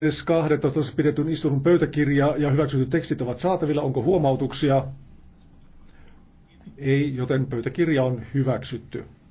12. pidetyn istunnon pöytäkirja ja hyväksytyt tekstit ovat saatavilla. Onko huomautuksia? Ei, joten pöytäkirja on hyväksytty.